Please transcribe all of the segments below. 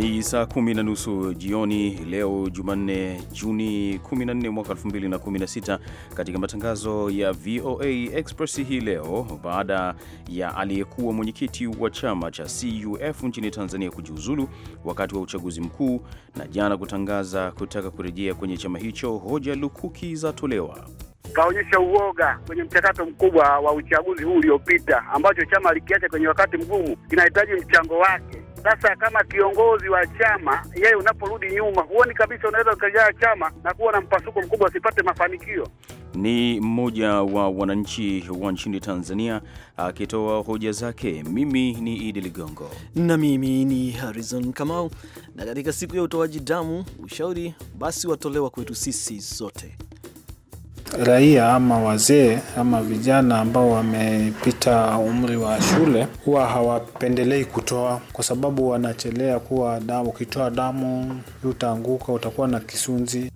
Ni saa kumi na nusu jioni leo Jumanne, Juni 14 mwaka 2016. Katika matangazo ya VOA Express hii leo, baada ya aliyekuwa mwenyekiti wa chama cha CUF nchini Tanzania kujiuzulu wakati wa uchaguzi mkuu na jana kutangaza kutaka kurejea kwenye chama hicho, hoja lukuki za tolewa kaonyesha uoga kwenye mchakato mkubwa wa uchaguzi huu uliopita, ambacho chama alikiacha kwenye wakati mgumu, kinahitaji mchango wake. Sasa kama kiongozi wa chama, yeye unaporudi nyuma, huoni kabisa unaweza ukajaa chama na kuwa na mpasuko mkubwa, usipate mafanikio. Ni mmoja wa wananchi wa nchini Tanzania akitoa hoja zake. Mimi ni Idi Ligongo na mimi ni Harrison Kamau. Na katika siku ya utoaji damu, ushauri basi watolewa kwetu sisi sote raia ama wazee ama vijana ambao wamepita umri wa shule huwa hawapendelei kutoa, kwa sababu wanachelea kuwa damu. Ukitoa damu utaanguka, utakuwa na kisunzi.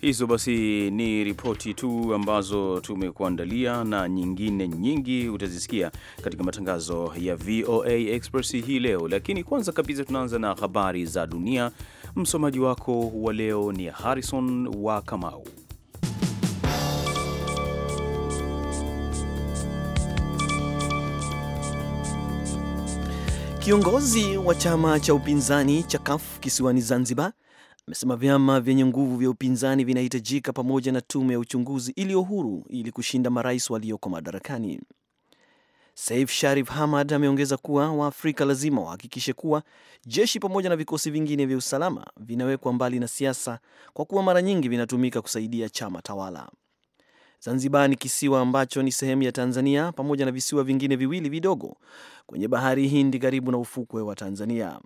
Hizo basi ni ripoti tu ambazo tumekuandalia na nyingine nyingi utazisikia katika matangazo ya VOA Express hii leo, lakini kwanza kabisa tunaanza na habari za dunia. Msomaji wako wa leo ni Harrison wa Kamau. Kiongozi wa chama cha upinzani cha CUF kisiwani Zanzibar amesema vyama vyenye nguvu vya upinzani vinahitajika pamoja na tume ya uchunguzi iliyo huru ili kushinda marais walioko madarakani. Saif Sharif Hamad ameongeza kuwa Waafrika lazima wahakikishe kuwa jeshi pamoja na vikosi vingine vya usalama vinawekwa mbali na siasa kwa kuwa mara nyingi vinatumika kusaidia chama tawala. Zanzibar ni kisiwa ambacho ni sehemu ya Tanzania pamoja na visiwa vingine viwili vidogo kwenye bahari Hindi karibu na ufukwe wa Tanzania.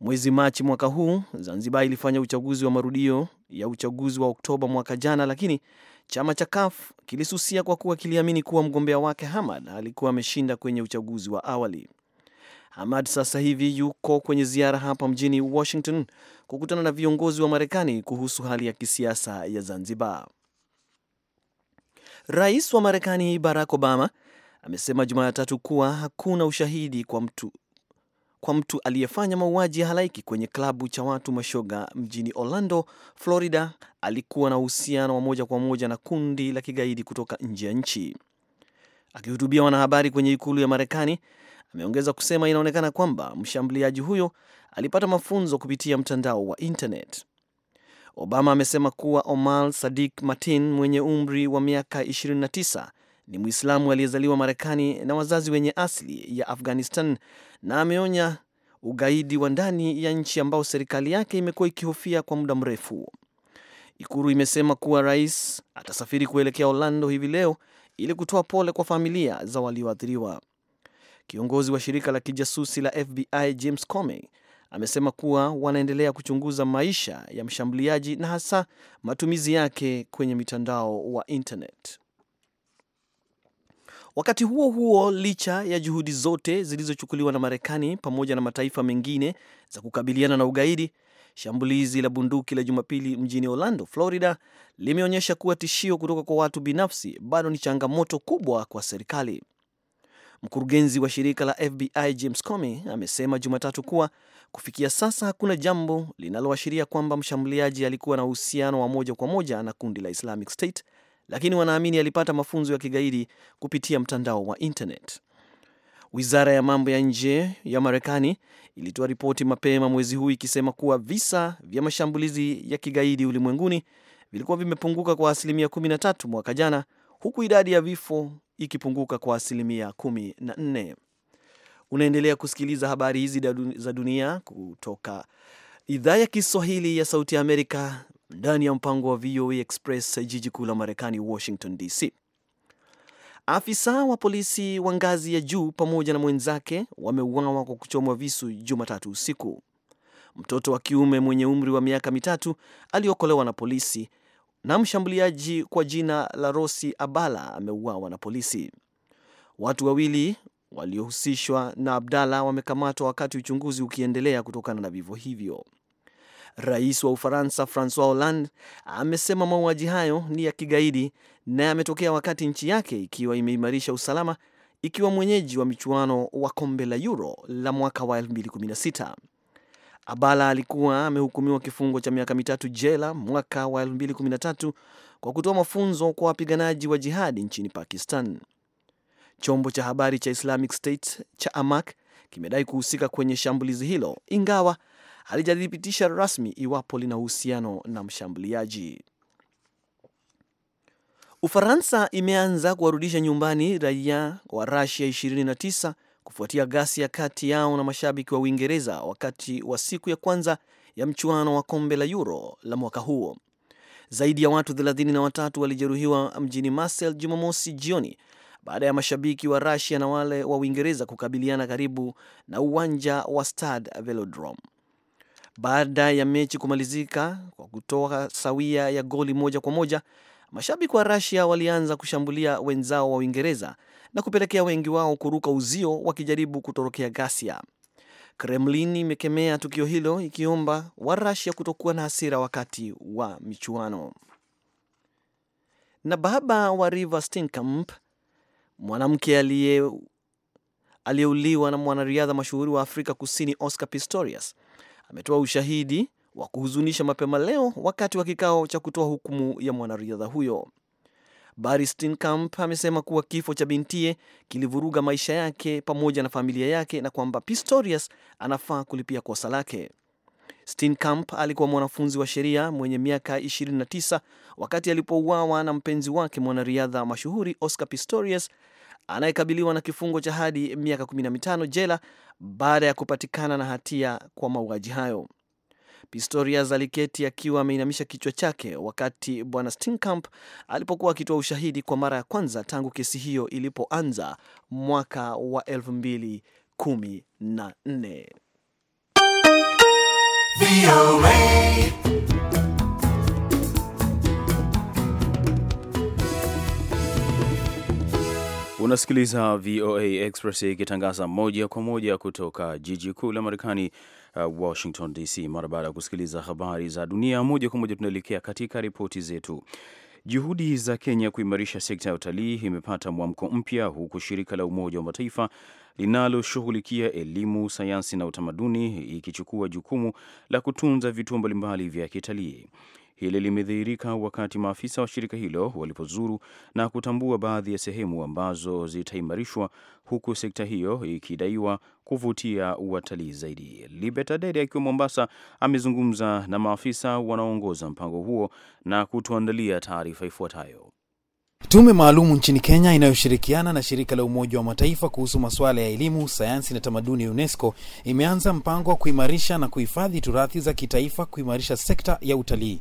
Mwezi Machi mwaka huu Zanzibar ilifanya uchaguzi wa marudio ya uchaguzi wa Oktoba mwaka jana, lakini chama cha KAF kilisusia kwa kuwa kiliamini kuwa mgombea wake Hamad alikuwa ameshinda kwenye uchaguzi wa awali. Hamad sasa hivi yuko kwenye ziara hapa mjini Washington kukutana na viongozi wa Marekani kuhusu hali ya kisiasa ya Zanzibar. Rais wa Marekani Barack Obama amesema Jumatatu kuwa hakuna ushahidi kwa mtu, kwa mtu aliyefanya mauaji ya halaiki kwenye klabu cha watu mashoga mjini Orlando, Florida, alikuwa na uhusiano wa moja kwa moja na kundi la kigaidi kutoka nje ya nchi. Akihutubia wanahabari kwenye ikulu ya Marekani, ameongeza kusema inaonekana kwamba mshambuliaji huyo alipata mafunzo kupitia mtandao wa internet. Obama amesema kuwa Omar Sadik martin mwenye umri wa miaka 29 ni Mwislamu aliyezaliwa Marekani na wazazi wenye asili ya Afghanistan na ameonya ugaidi wa ndani ya nchi ambao serikali yake imekuwa ikihofia kwa muda mrefu. ikuru imesema kuwa rais atasafiri kuelekea Orlando hivi leo ili kutoa pole kwa familia za walioathiriwa. Kiongozi wa shirika la kijasusi la FBI James Comey amesema kuwa wanaendelea kuchunguza maisha ya mshambuliaji na hasa matumizi yake kwenye mitandao wa internet. Wakati huo huo, licha ya juhudi zote zilizochukuliwa na Marekani pamoja na mataifa mengine za kukabiliana na ugaidi, shambulizi la bunduki la Jumapili mjini Orlando, Florida, limeonyesha kuwa tishio kutoka kwa watu binafsi bado ni changamoto kubwa kwa serikali. Mkurugenzi wa shirika la FBI James Comey amesema Jumatatu kuwa kufikia sasa hakuna jambo linaloashiria kwamba mshambuliaji alikuwa na uhusiano wa moja kwa moja na kundi la Islamic State, lakini wanaamini alipata mafunzo ya kigaidi kupitia mtandao wa internet. Wizara ya mambo ya nje ya Marekani ilitoa ripoti mapema mwezi huu ikisema kuwa visa vya mashambulizi ya kigaidi ulimwenguni vilikuwa vimepunguka kwa asilimia 13 mwaka jana, huku idadi ya vifo ikipunguka kwa asilimia 14. Unaendelea kusikiliza habari hizi za dunia kutoka idhaa ya Kiswahili ya Sauti ya Amerika ndani ya mpango wa VOA e Express, jiji kuu la Marekani, Washington DC. Afisa wa polisi wa ngazi ya juu pamoja na mwenzake wameuawa kwa kuchomwa visu Jumatatu usiku. Mtoto wa kiume mwenye umri wa miaka mitatu aliokolewa na polisi na mshambuliaji kwa jina la Rosi Abala ameuawa na polisi. Watu wawili waliohusishwa na Abdala wamekamatwa wakati uchunguzi ukiendelea kutokana na vifo hivyo. Rais wa Ufaransa Francois Hollande amesema mauaji hayo ni ya kigaidi na yametokea wakati nchi yake ikiwa imeimarisha usalama ikiwa mwenyeji wa michuano wa kombe la Euro la mwaka wa 2016. Abala alikuwa amehukumiwa kifungo cha miaka mitatu jela mwaka wa 2013 kwa kutoa mafunzo kwa wapiganaji wa jihadi nchini Pakistan. Chombo cha habari cha Islamic State cha Amaq kimedai kuhusika kwenye shambulizi hilo, ingawa halijathibitisha rasmi iwapo lina uhusiano na mshambuliaji. Ufaransa imeanza kuwarudisha nyumbani raia wa Rasia 29 kufuatia ghasia kati yao na mashabiki wa Uingereza wakati wa siku ya kwanza ya mchuano wa kombe la Euro la mwaka huo. Zaidi ya watu watatu walijeruhiwa mjini Marseille Jumamosi jioni baada ya mashabiki wa Russia na wale wa Uingereza kukabiliana karibu na uwanja wa Stade Velodrome baada ya mechi kumalizika kwa kutoa sawia ya goli moja kwa moja. Mashabiki wa Russia walianza kushambulia wenzao wa Uingereza na kupelekea wengi wao kuruka uzio wakijaribu kutorokea ghasia. Kremlin imekemea tukio hilo ikiomba Warusia kutokuwa na hasira wakati wa michuano. Na baba wa Reeva Steenkamp, mwanamke aliyeuliwa na mwanariadha mashuhuri wa Afrika Kusini Oscar Pistorius, ametoa ushahidi wa kuhuzunisha mapema leo wakati wa kikao cha kutoa hukumu ya mwanariadha huyo. Barry Steenkamp amesema kuwa kifo cha bintie kilivuruga maisha yake pamoja na familia yake na kwamba Pistorius anafaa kulipia kosa lake. Steenkamp alikuwa mwanafunzi wa sheria mwenye miaka 29 wakati alipouawa na mpenzi wake mwanariadha mashuhuri Oscar Pistorius anayekabiliwa na kifungo cha hadi miaka 15 jela baada ya kupatikana na hatia kwa mauaji hayo. Pistorius aliketi akiwa ameinamisha kichwa chake wakati bwana Steenkamp alipokuwa akitoa ushahidi kwa mara ya kwanza tangu kesi hiyo ilipoanza mwaka wa 2014. Unasikiliza VOA Express ikitangaza moja kwa moja kutoka jiji kuu la Marekani, uh, Washington DC. Mara baada ya kusikiliza habari za dunia moja kwa moja, tunaelekea katika ripoti zetu. Juhudi za Kenya kuimarisha sekta ya utalii imepata mwamko mpya huku shirika la Umoja wa Mataifa linaloshughulikia elimu, sayansi na utamaduni ikichukua jukumu la kutunza vituo mbalimbali vya kitalii. Hili limedhihirika wakati maafisa wa shirika hilo walipozuru na kutambua baadhi ya sehemu ambazo zitaimarishwa, huku sekta hiyo ikidaiwa kuvutia watalii zaidi. Libeta Adede akiwa Mombasa amezungumza na maafisa wanaoongoza mpango huo na kutuandalia taarifa ifuatayo. Tume maalum nchini Kenya inayoshirikiana na shirika la Umoja wa Mataifa kuhusu masuala ya elimu, sayansi na tamaduni ya UNESCO imeanza mpango wa kuimarisha na kuhifadhi turathi za kitaifa, kuimarisha sekta ya utalii.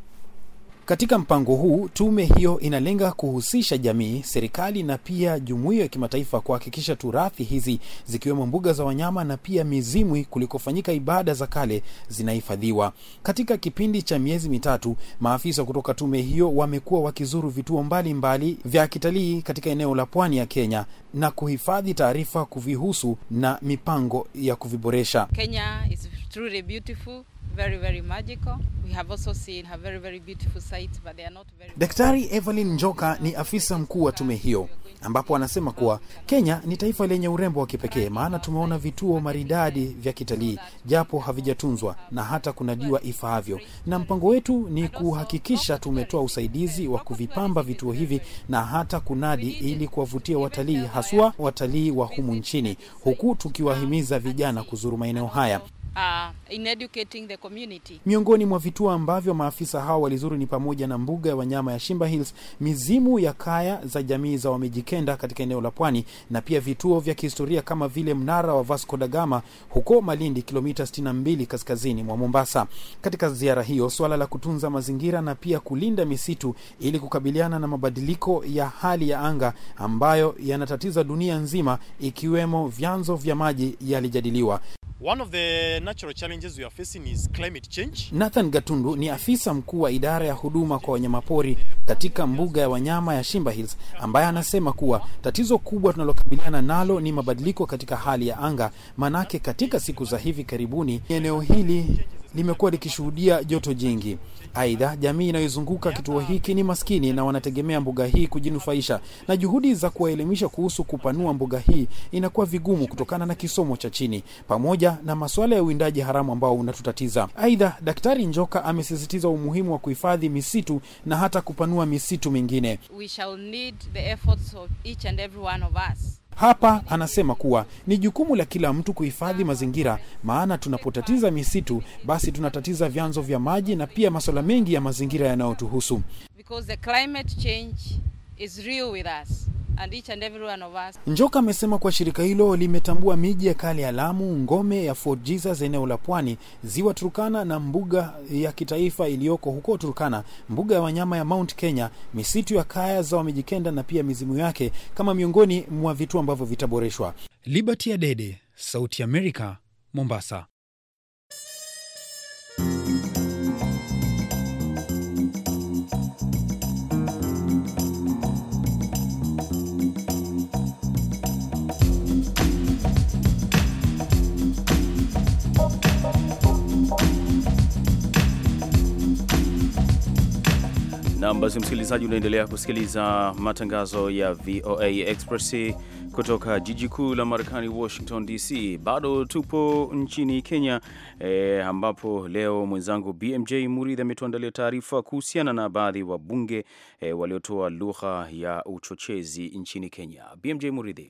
Katika mpango huu, tume hiyo inalenga kuhusisha jamii, serikali na pia jumuiya ya kimataifa kuhakikisha turathi hizi zikiwemo mbuga za wanyama na pia mizimwi kulikofanyika ibada za kale zinahifadhiwa. Katika kipindi cha miezi mitatu, maafisa kutoka tume hiyo wamekuwa wakizuru vituo mbalimbali mbali vya kitalii katika eneo la pwani ya Kenya na kuhifadhi taarifa kuvihusu na mipango ya kuviboresha. Kenya is truly beautiful very, very magical. We have also seen a very, very beautiful sight but they are not very... Daktari Evelyn Njoka ni afisa mkuu wa tume hiyo ambapo anasema kuwa Kenya ni taifa lenye urembo wa kipekee, maana tumeona vituo maridadi vya kitalii japo havijatunzwa na hata kunajua ifaavyo, na mpango wetu ni kuhakikisha tumetoa usaidizi wa kuvipamba vituo hivi na hata kunadi, ili kuwavutia watalii, haswa watalii wa humu nchini, huku tukiwahimiza vijana kuzuru maeneo haya. Uh, in educating the community. Miongoni mwa vituo ambavyo maafisa hao walizuru ni pamoja na mbuga ya wanyama ya Shimba Hills, mizimu ya kaya za jamii za Wamijikenda katika eneo la pwani na pia vituo vya kihistoria kama vile mnara wa Vasco da Gama huko Malindi, kilomita 62 kaskazini mwa Mombasa. Katika ziara hiyo, suala la kutunza mazingira na pia kulinda misitu ili kukabiliana na mabadiliko ya hali ya anga ambayo yanatatiza dunia nzima ikiwemo vyanzo vya maji yalijadiliwa. One of the natural challenges we are facing is climate change. Nathan Gatundu ni afisa mkuu wa idara ya huduma kwa wanyamapori katika mbuga ya wanyama ya Shimba Hills ambaye anasema kuwa tatizo kubwa tunalokabiliana nalo ni mabadiliko katika hali ya anga, manake katika siku za hivi karibuni eneo hili limekuwa likishuhudia joto jingi. Aidha, jamii inayozunguka kituo hiki ni maskini na wanategemea mbuga hii kujinufaisha, na juhudi za kuwaelimisha kuhusu kupanua mbuga hii inakuwa vigumu kutokana na kisomo cha chini pamoja na masuala ya uwindaji haramu ambao unatutatiza. Aidha, Daktari Njoka amesisitiza umuhimu wa kuhifadhi misitu na hata kupanua misitu mingine. We shall need the efforts of each and every one of us. Hapa anasema kuwa ni jukumu la kila mtu kuhifadhi mazingira, maana tunapotatiza misitu, basi tunatatiza vyanzo vya maji na pia masuala mengi ya mazingira yanayotuhusu is real with us. And each and every one of us. Njoka amesema kuwa shirika hilo limetambua miji ya kale ya Lamu, ngome ya Fort Jesus eneo la Pwani, ziwa Turkana na mbuga ya kitaifa iliyoko huko Turkana, mbuga ya wanyama ya Mount Kenya, misitu ya kaya za Wamijikenda na pia mizimu yake kama miongoni mwa vitu ambavyo vitaboreshwa. Liberty Adede, Sauti ya Amerika, Mombasa. Nam basi, msikilizaji, unaendelea kusikiliza matangazo ya VOA Express kutoka jiji kuu la Marekani, Washington DC. Bado tupo nchini Kenya e, ambapo leo mwenzangu BMJ Muridhi ametuandalia taarifa kuhusiana na baadhi wa wabunge e, waliotoa lugha ya uchochezi nchini Kenya. BMJ Muridhi.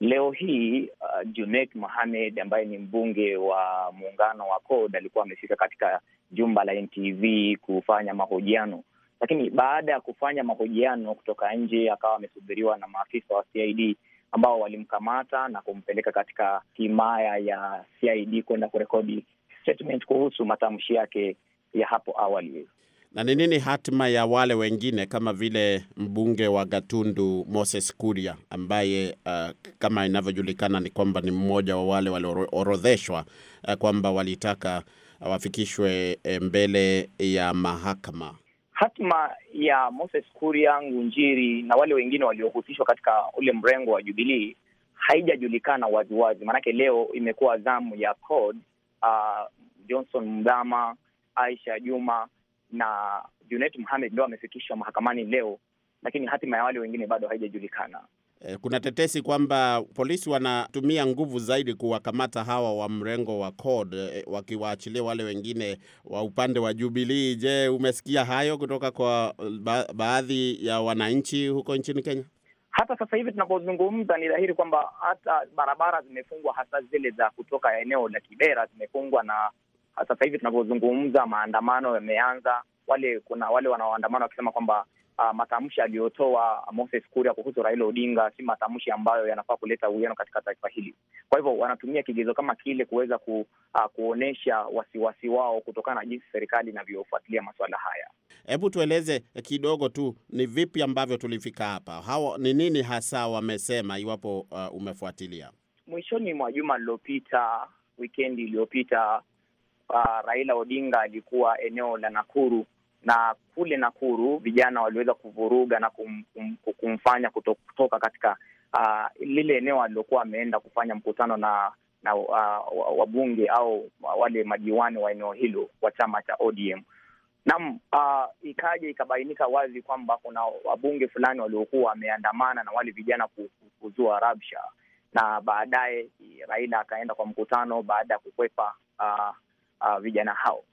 Leo hii uh, Junet Mohamed ambaye ni mbunge wa muungano wa CORD alikuwa amefika katika jumba la NTV kufanya mahojiano lakini baada ya kufanya mahojiano kutoka nje akawa amesubiriwa na maafisa wa CID ambao walimkamata na kumpeleka katika himaya ya CID kwenda kurekodi statement kuhusu matamshi yake ya hapo awali. Na ni nini hatima ya wale wengine kama vile mbunge wa Gatundu Moses Kuria ambaye uh, kama inavyojulikana ni kwamba ni mmoja wa wale walioorodheshwa uh, kwamba walitaka wafikishwe eh, mbele ya mahakama hatima ya Moses Kuria, Ngunjiri na wale wengine waliohusishwa katika ule mrengo wa Jubilii haijajulikana waziwazi, maanake leo imekuwa zamu ya CORD uh, Johnson Mdhama, Aisha Juma na Junet Mohamed ndio amefikishwa mahakamani leo, lakini hatima ya wale wengine bado haijajulikana. Eh, kuna tetesi kwamba polisi wanatumia nguvu zaidi kuwakamata hawa wa mrengo wa CORD eh, wakiwaachilia wale wengine wa upande wa Jubilee. Je, umesikia hayo kutoka kwa eh, ba baadhi ya wananchi huko nchini Kenya? Hata sasa hivi tunapozungumza, ni dhahiri kwamba hata barabara zimefungwa, hasa zile za kutoka eneo la Kibera zimefungwa, na sasa hivi tunapozungumza, maandamano yameanza. Wale kuna wale wanaoandamana wakisema kwamba uh, matamshi aliyotoa Moses Kuria kuhusu Raila Odinga si matamshi ambayo yanafaa kuleta uwiano katika taifa hili. Kwa hivyo wanatumia kigezo kama kile kuweza ku, uh, ah, kuonyesha wasiwasi wao kutokana na jinsi serikali inavyofuatilia masuala haya. Hebu tueleze kidogo tu ni vipi ambavyo tulifika hapa, hawa ni nini hasa wamesema, iwapo uh, umefuatilia? Mwishoni mwa juma lililopita, wikendi iliyopita, uh, Raila Odinga alikuwa eneo la Nakuru na kule Nakuru vijana waliweza kuvuruga na kum, kum, kumfanya kuto, kutoka katika uh, lile eneo alilokuwa ameenda kufanya mkutano na na uh, wabunge au wale majiwani wa eneo hilo wa chama cha ODM. Naam, uh, ikaja ikabainika wazi kwamba kuna wabunge fulani waliokuwa wameandamana na wale vijana kuzua rabsha, na baadaye Raila akaenda kwa mkutano baada ya kukwepa uh, uh, vijana hao.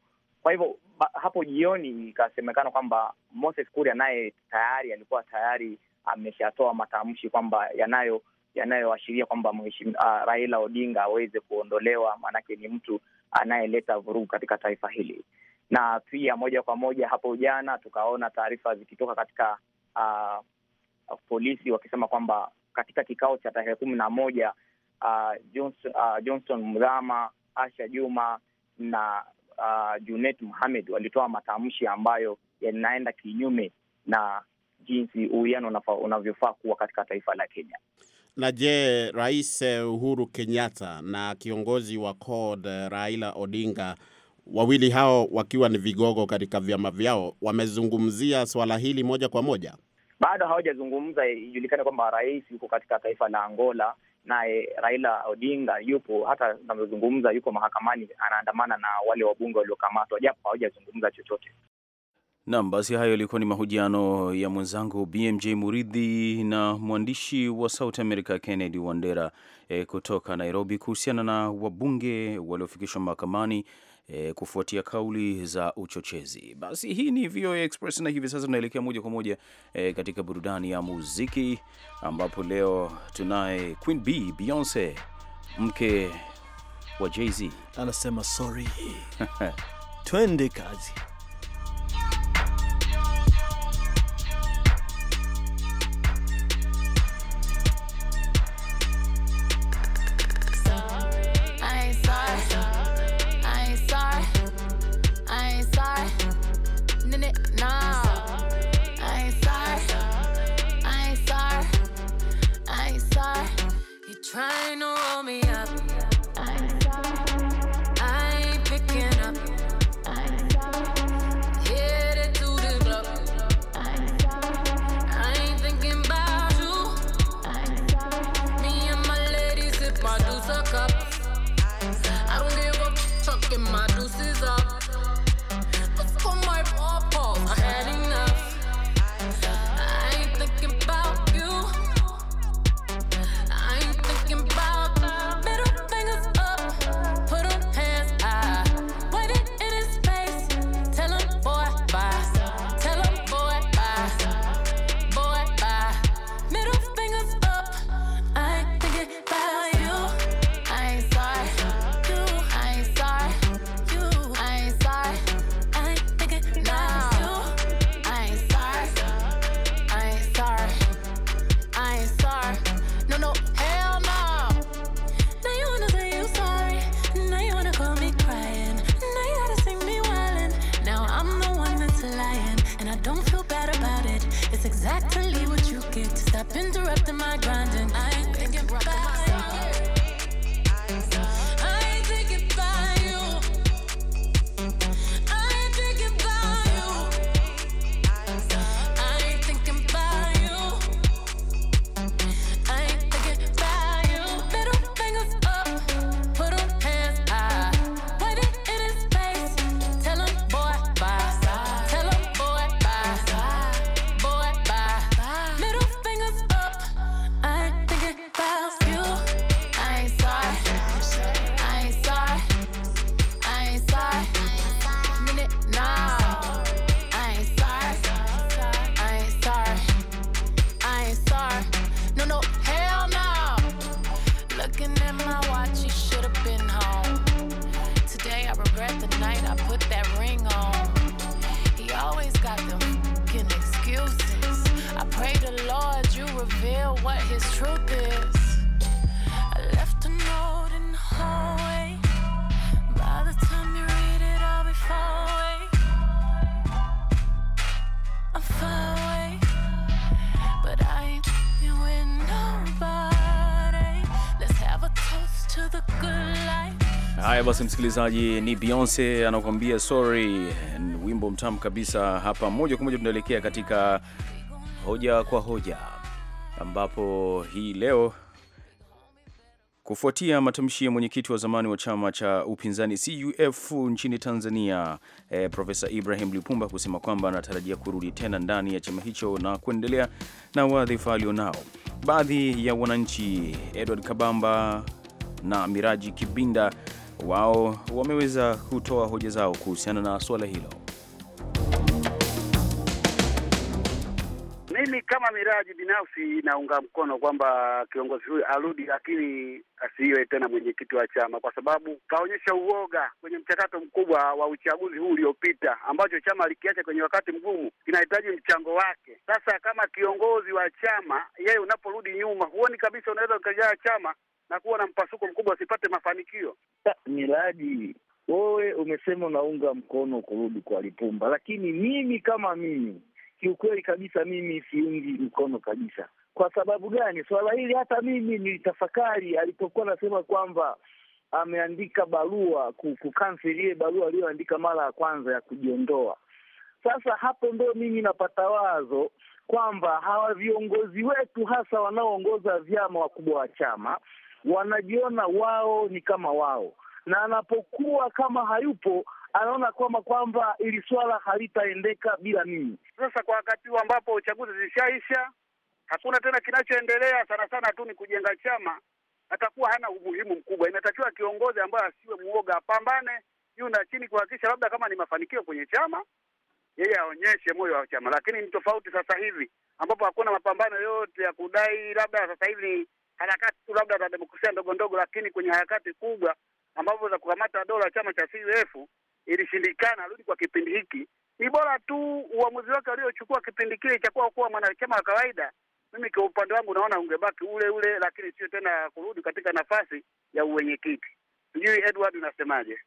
Kwa hivyo hapo jioni ikasemekana kwamba Moses Kuria naye tayari alikuwa tayari ameshatoa matamshi kwamba yanayo yanayoashiria kwamba mheshimiwa uh, Raila Odinga aweze kuondolewa, maanake ni mtu anayeleta vurugu katika taifa hili. Na pia moja kwa moja hapo jana tukaona taarifa zikitoka katika uh, polisi wakisema kwamba katika kikao cha tarehe kumi na moja uh, Johnson, uh, Johnson Mrama, Asha Juma na uh, Junet Mohamed walitoa matamshi ambayo yanaenda kinyume na jinsi uwiano unavyofaa kuwa katika taifa la Kenya. Na je, Rais Uhuru Kenyatta na kiongozi wa CORD Raila Odinga, wawili hao wakiwa ni vigogo katika vyama vyao, wamezungumzia swala hili moja kwa moja? Bado hawajazungumza. Ijulikane kwamba rais yuko katika taifa la Angola naye Raila Odinga yupo, hata navyozungumza, yuko mahakamani, anaandamana na wale wabunge waliokamatwa, japo hawajazungumza chochote. Naam, basi hayo yalikuwa ni mahojiano ya mwenzangu BMJ Muridhi na mwandishi wa South America Kennedy Wandera e, kutoka Nairobi kuhusiana na wabunge waliofikishwa mahakamani e, kufuatia kauli za uchochezi. Basi hii ni VOA Express na hivi sasa tunaelekea moja kwa moja e, katika burudani ya muziki ambapo leo tunaye Queen B Beyonce, mke wa Jay-Z anasema sorry. Twende kazi. Trying to roll me interrupting my grinding. excuses. I pray the Lord you reveal what His truth is. I left a note in the hallway. By the time you read it, I'll be far away. I'm far away, but I ain't with nobody. Let's have a toast to the good life. Haya basi, msikilizaji, ni Beyonce anakuambia sorry wimbo mtamu kabisa hapa. Moja kwa moja tunaelekea katika hoja kwa hoja, ambapo hii leo kufuatia matamshi ya mwenyekiti wa zamani wa chama cha upinzani CUF nchini Tanzania eh, Profesa Ibrahim Lipumba kusema kwamba anatarajia kurudi tena ndani ya chama hicho na kuendelea na wadhifa alionao, baadhi ya wananchi Edward Kabamba na Miraji Kibinda wao wameweza kutoa hoja zao kuhusiana na suala hilo. kama Miraji binafsi inaunga mkono kwamba kiongozi huyu arudi, lakini asiwe tena mwenyekiti wa chama, kwa sababu kaonyesha uoga kwenye mchakato mkubwa wa uchaguzi huu uliopita, ambacho chama likiacha kwenye wakati mgumu kinahitaji mchango wake. Sasa kama kiongozi wa chama, yeye unaporudi nyuma, huoni kabisa unaweza ukajaa chama na kuwa na mpasuko mkubwa, asipate mafanikio. Miraji, wewe umesema unaunga mkono kurudi kwa Lipumba, lakini mimi kama mimi kiukweli kabisa mimi siungi mkono kabisa. Kwa sababu gani? Swala hili hata mimi nilitafakari alipokuwa anasema kwamba ameandika barua kukanseli ile barua aliyoandika mara ya kwanza ya kujiondoa. Sasa hapo ndo mimi napata wazo kwamba hawa viongozi wetu hasa wanaoongoza vyama, wakubwa wa chama, wanajiona wao ni kama wao, na anapokuwa kama hayupo anaona kwamba kwamba ili swala halitaendeka bila mimi. Sasa kwa wakati huu ambapo uchaguzi zishaisha, hakuna tena kinachoendelea, sana sana tu ni kujenga chama, atakuwa hana umuhimu mkubwa. Inatakiwa kiongozi ambaye asiwe mwoga, apambane juu na chini kuhakikisha labda kama ni mafanikio kwenye chama yeye aonyeshe moyo wa chama, lakini ni tofauti sasa hivi ambapo hakuna mapambano yote ya kudai, labda sasa hivi harakati tu labda za demokrasia ndogo ndogo, lakini kwenye harakati kubwa ambavyo za kukamata dola chama cha CUF ilishindikana arudi kwa kipindi hiki, ni bora tu uamuzi wake aliochukua kipindi kile cha kuwa mwanachama wa kawaida. Mimi kwa upande wangu naona ungebaki ule ule, lakini sio tena kurudi katika nafasi ya uwenyekiti. Sijui Edward unasemaje?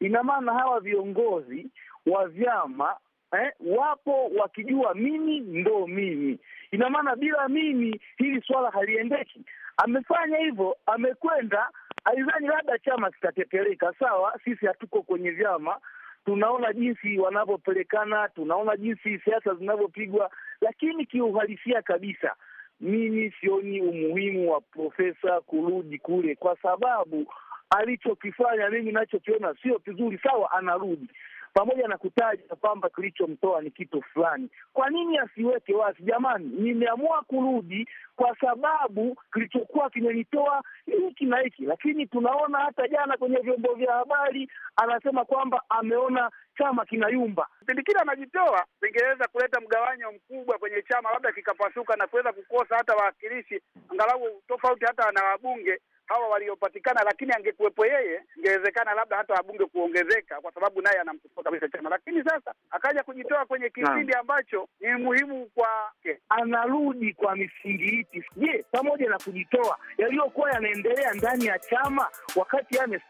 Ina maana hawa viongozi wa vyama eh, wapo wakijua mimi ndo mimi. Ina maana bila mimi hili swala haliendeki. Amefanya hivyo, amekwenda Alidhani labda chama kitatetereka. Sawa, sisi hatuko kwenye vyama, tunaona jinsi wanavyopelekana, tunaona jinsi siasa zinavyopigwa, lakini kiuhalisia kabisa mimi sioni umuhimu wa Profesa kurudi kule, kwa sababu alichokifanya mimi nachokiona sio kizuri. Sawa, anarudi pamoja na kutaja kwamba kilichomtoa ni kitu fulani. Kwa nini asiweke wazi, jamani, nimeamua kurudi kwa sababu kilichokuwa kimenitoa hiki na hiki? Lakini tunaona hata jana kwenye vyombo vya habari anasema kwamba ameona chama kinayumba. kile anajitoa, vingeweza kuleta mgawanyo mkubwa kwenye chama, labda kikapasuka na kuweza kukosa hata wawakilishi, angalau tofauti hata na wabunge hawa waliopatikana, lakini angekuwepo yeye, ingewezekana labda hata wabunge kuongezeka, kwa sababu naye anamsupport kabisa chama. Lakini sasa akaja kujitoa kwenye kipindi ambacho ni muhimu kwake, eh, anarudi kwa misingi ipi? Je, pamoja na kujitoa, yaliyokuwa yanaendelea ndani ya chama wakati yame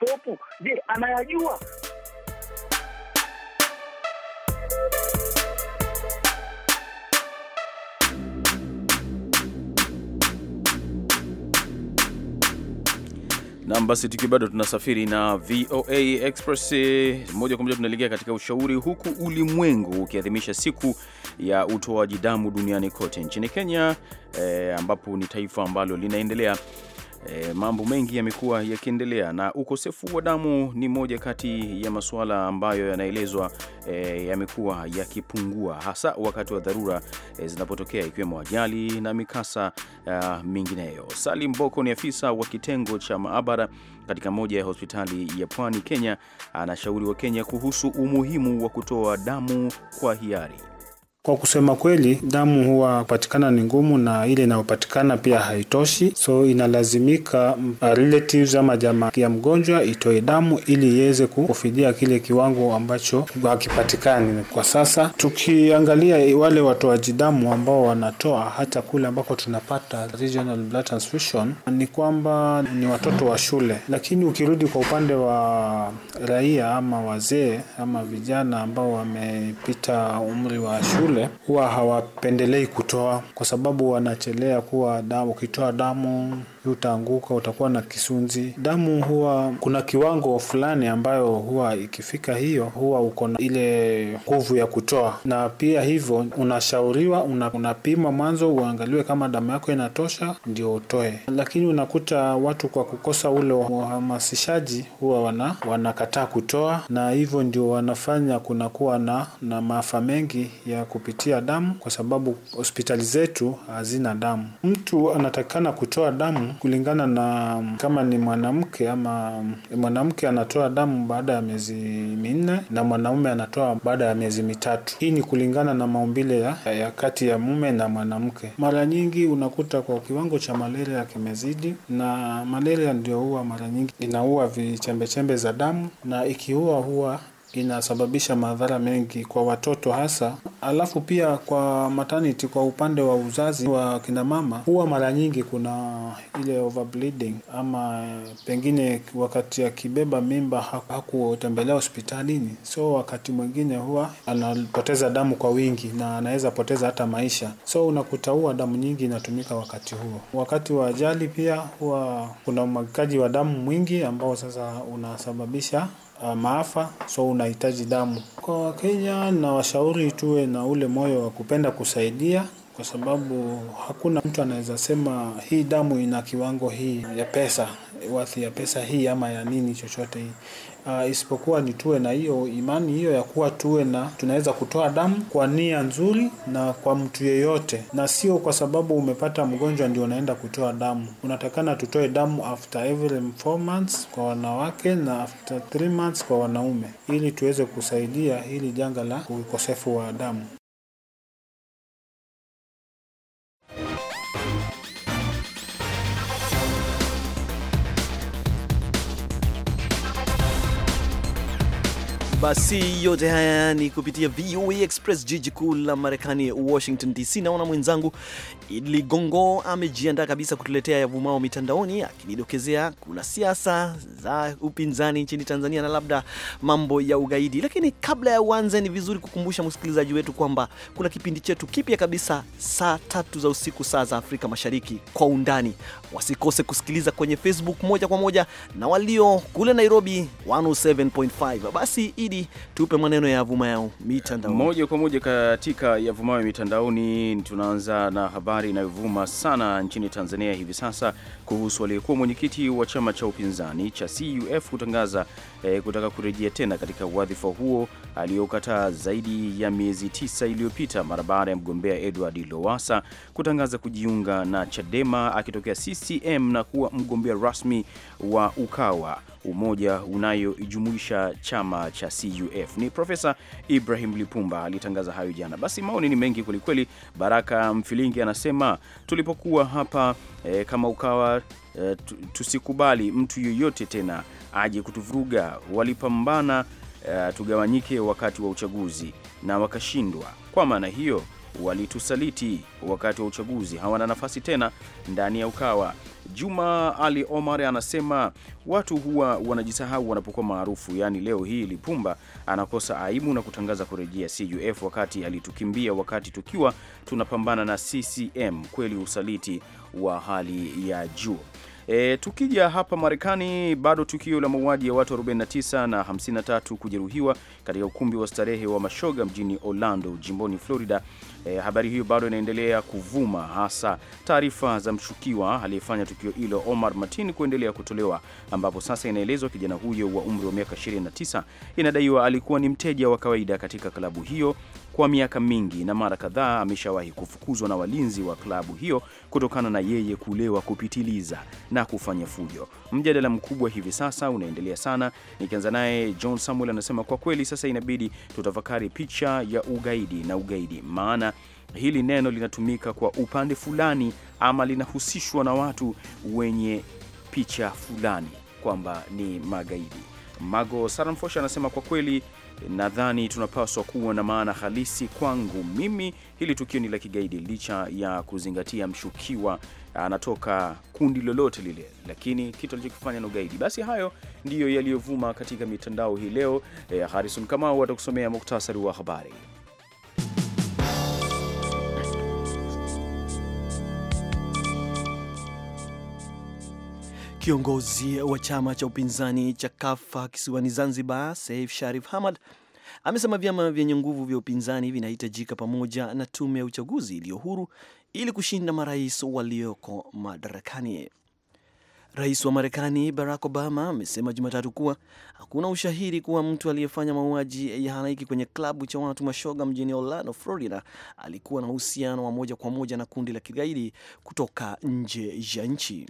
je anayajua? Nam, basi tukiwa bado tunasafiri na VOA Express eh, moja kwa moja, tunaelekea katika ushauri, huku ulimwengu ukiadhimisha siku ya utoaji damu duniani kote. Nchini Kenya eh, ambapo ni taifa ambalo linaendelea E, mambo mengi yamekuwa yakiendelea na ukosefu wa damu ni moja kati ya masuala ambayo yanaelezwa e, yamekuwa yakipungua hasa wakati wa dharura e, zinapotokea ikiwemo ajali na mikasa e, mingineyo. Salim Boko ni afisa wa kitengo cha maabara katika moja ya hospitali ya Pwani Kenya, anashauri wa Kenya kuhusu umuhimu wa kutoa damu kwa hiari. Kwa kusema kweli, damu huwa patikana ni ngumu, na ile inayopatikana pia haitoshi, so inalazimika uh, relatives ama jamaa ya mgonjwa itoe damu ili iweze kufidia kile kiwango ambacho hakipatikani kwa sasa. Tukiangalia wale watoaji damu ambao wanatoa hata kule ambako tunapata regional blood transfusion, ni kwamba ni watoto wa shule, lakini ukirudi kwa upande wa raia ama wazee ama vijana ambao wamepita umri wa shule shule huwa hawapendelei kutoa kwa sababu wanachelea kuwa damu, ukitoa damu utaanguka, utakuwa na kisunzi. Damu huwa kuna kiwango fulani ambayo huwa ikifika hiyo, huwa uko na ile nguvu ya kutoa, na pia hivyo unashauriwa, unapima una mwanzo, uangaliwe kama damu yako inatosha ndio utoe, lakini unakuta watu kwa kukosa ule uhamasishaji huwa wana, wanakataa kutoa, na hivyo ndio wanafanya kunakuwa na, na maafa mengi ya kupitia damu, kwa sababu hospitali zetu hazina damu. Mtu anatakikana kutoa damu kulingana na kama ni mwanamke ama mwanamke anatoa damu baada ya miezi minne na mwanaume anatoa baada ya miezi mitatu. Hii ni kulingana na maumbile ya, ya kati ya mume na mwanamke. Mara nyingi unakuta kwa kiwango cha malaria kimezidi, na malaria ndio huwa mara nyingi inaua vichembechembe za damu, na ikiua huwa inasababisha madhara mengi kwa watoto hasa. Alafu pia kwa maternity, kwa upande wa uzazi wa kina mama, huwa mara nyingi kuna ile overbleeding, ama pengine wakati akibeba mimba hakutembelea hospitalini, so wakati mwingine huwa anapoteza damu kwa wingi na anaweza poteza hata maisha. So unakuta huwa damu nyingi inatumika wakati huo. Wakati wa ajali pia huwa kuna umwagikaji wa damu mwingi ambao sasa unasababisha Uh, maafa, so unahitaji damu. Kwa Wakenya na washauri tuwe na ule moyo wa kupenda kusaidia kwa sababu hakuna mtu anaweza sema hii damu ina kiwango hii ya pesa, wathi ya pesa hii ama ya nini chochote hii. Uh, isipokuwa ni tuwe na hiyo imani hiyo ya kuwa tuwe na tunaweza kutoa damu kwa nia nzuri na kwa mtu yeyote, na sio kwa sababu umepata mgonjwa ndio unaenda kutoa damu. Unatakana tutoe damu after every 4 months kwa wanawake na after three months kwa wanaume, ili tuweze kusaidia hili janga la ukosefu wa damu. Basi yote haya ni kupitia VOA Express, jiji kuu la Marekani, Washington DC. Naona mwenzangu Idli Gongo amejiandaa kabisa kutuletea yavumao mitandaoni, akinidokezea kuna siasa za upinzani nchini Tanzania na labda mambo ya ugaidi. Lakini kabla ya uanze, ni vizuri kukumbusha msikilizaji wetu kwamba kuna kipindi chetu kipya kabisa saa tatu za usiku, saa za Afrika Mashariki, kwa undani, Wasikose kusikiliza kwenye Facebook moja kwa moja, na walio kule Nairobi 107.5. Basi Idi, tupe maneno ya yavumayo mitandaoni moja kwa moja. Katika ya yavumayo mitandaoni, tunaanza na habari inayovuma sana nchini Tanzania hivi sasa kuhusu aliyekuwa mwenyekiti wa chama cha upinzani cha CUF kutangaza eh, kutaka kurejea tena katika wadhifa huo aliyokataa zaidi ya miezi tisa iliyopita mara baada ya mgombea Edward Lowasa kutangaza kujiunga na Chadema akitokea sisi CCM na kuwa mgombea rasmi wa Ukawa, umoja unayojumuisha chama cha CUF. Ni Profesa Ibrahim Lipumba alitangaza hayo jana. Basi maoni ni mengi kwelikweli. Baraka Mfilingi anasema tulipokuwa hapa e, kama Ukawa e, tusikubali mtu yoyote tena aje kutuvuruga. Walipambana e, tugawanyike wakati wa uchaguzi na wakashindwa. Kwa maana hiyo walitusaliti wakati wa uchaguzi, hawana nafasi tena ndani ya Ukawa. Juma Ali Omar anasema watu huwa wanajisahau wanapokuwa maarufu, yaani leo hii Lipumba anakosa aibu na kutangaza kurejea CUF wakati alitukimbia wakati tukiwa tunapambana na CCM. Kweli usaliti wa hali ya juu. E, tukija hapa Marekani bado tukio la mauaji ya watu 49 na 53 kujeruhiwa katika ukumbi wa starehe wa mashoga mjini Orlando jimboni Florida. E, habari hiyo bado inaendelea kuvuma, hasa taarifa za mshukiwa aliyefanya tukio hilo Omar Martin kuendelea kutolewa, ambapo sasa inaelezwa kijana huyo wa umri wa miaka 29 inadaiwa alikuwa ni mteja wa kawaida katika klabu hiyo kwa miaka mingi na mara kadhaa ameshawahi kufukuzwa na walinzi wa klabu hiyo kutokana na yeye kulewa kupitiliza na kufanya fujo. Mjadala mkubwa hivi sasa unaendelea sana. Nikianza naye John Samuel anasema kwa kweli sasa inabidi tutafakari picha ya ugaidi na ugaidi, maana hili neno linatumika kwa upande fulani ama linahusishwa na watu wenye picha fulani kwamba ni magaidi. Mago Saramfosha anasema kwa kweli nadhani tunapaswa kuwa na maana halisi. Kwangu mimi, hili tukio ni la kigaidi, licha ya kuzingatia mshukiwa anatoka kundi lolote lile, lakini kitu alichokifanya ni ugaidi. Basi hayo ndiyo yaliyovuma katika mitandao hii leo. Eh, Harrison Kamau atakusomea muktasari wa habari. Kiongozi wa chama cha upinzani cha Kafa kisiwani Zanzibar, Saif Sharif Hamad amesema vyama vyenye nguvu vya upinzani vinahitajika pamoja na tume ya uchaguzi iliyo huru ili kushinda marais walioko madarakani. Rais wa Marekani Barack Obama amesema Jumatatu kuwa hakuna ushahidi kuwa mtu aliyefanya mauaji ya halaiki kwenye klabu cha watu mashoga mjini Orlando, Florida, alikuwa na uhusiano wa moja kwa moja na kundi la kigaidi kutoka nje ya nchi.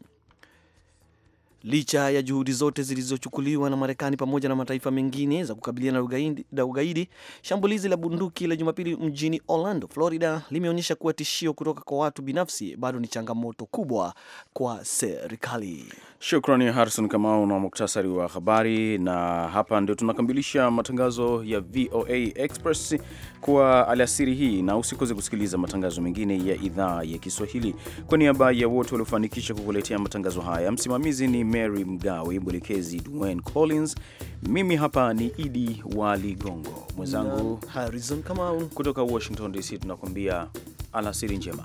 Licha ya juhudi zote zilizochukuliwa na Marekani pamoja na mataifa mengine za kukabiliana na ugaidi, na ugaidi, shambulizi la bunduki la Jumapili mjini Orlando, Florida limeonyesha kuwa tishio kutoka kwa watu binafsi bado ni changamoto kubwa kwa serikali. Shukrani Harrison Kamau na muktasari wa habari, na hapa ndio tunakamilisha matangazo ya VOA Express kwa alasiri hii, na usikose kusikiliza matangazo mengine ya idhaa ya Kiswahili. Kwa niaba ya wote waliofanikisha kukuletea matangazo haya, msimamizi ni Mary Mgawe, mwelekezi Dwayne Collins. Mimi hapa ni Idi wa Ligongo, mwenzangu Harrison Kamau kutoka Washington DC, tunakuambia alasiri njema.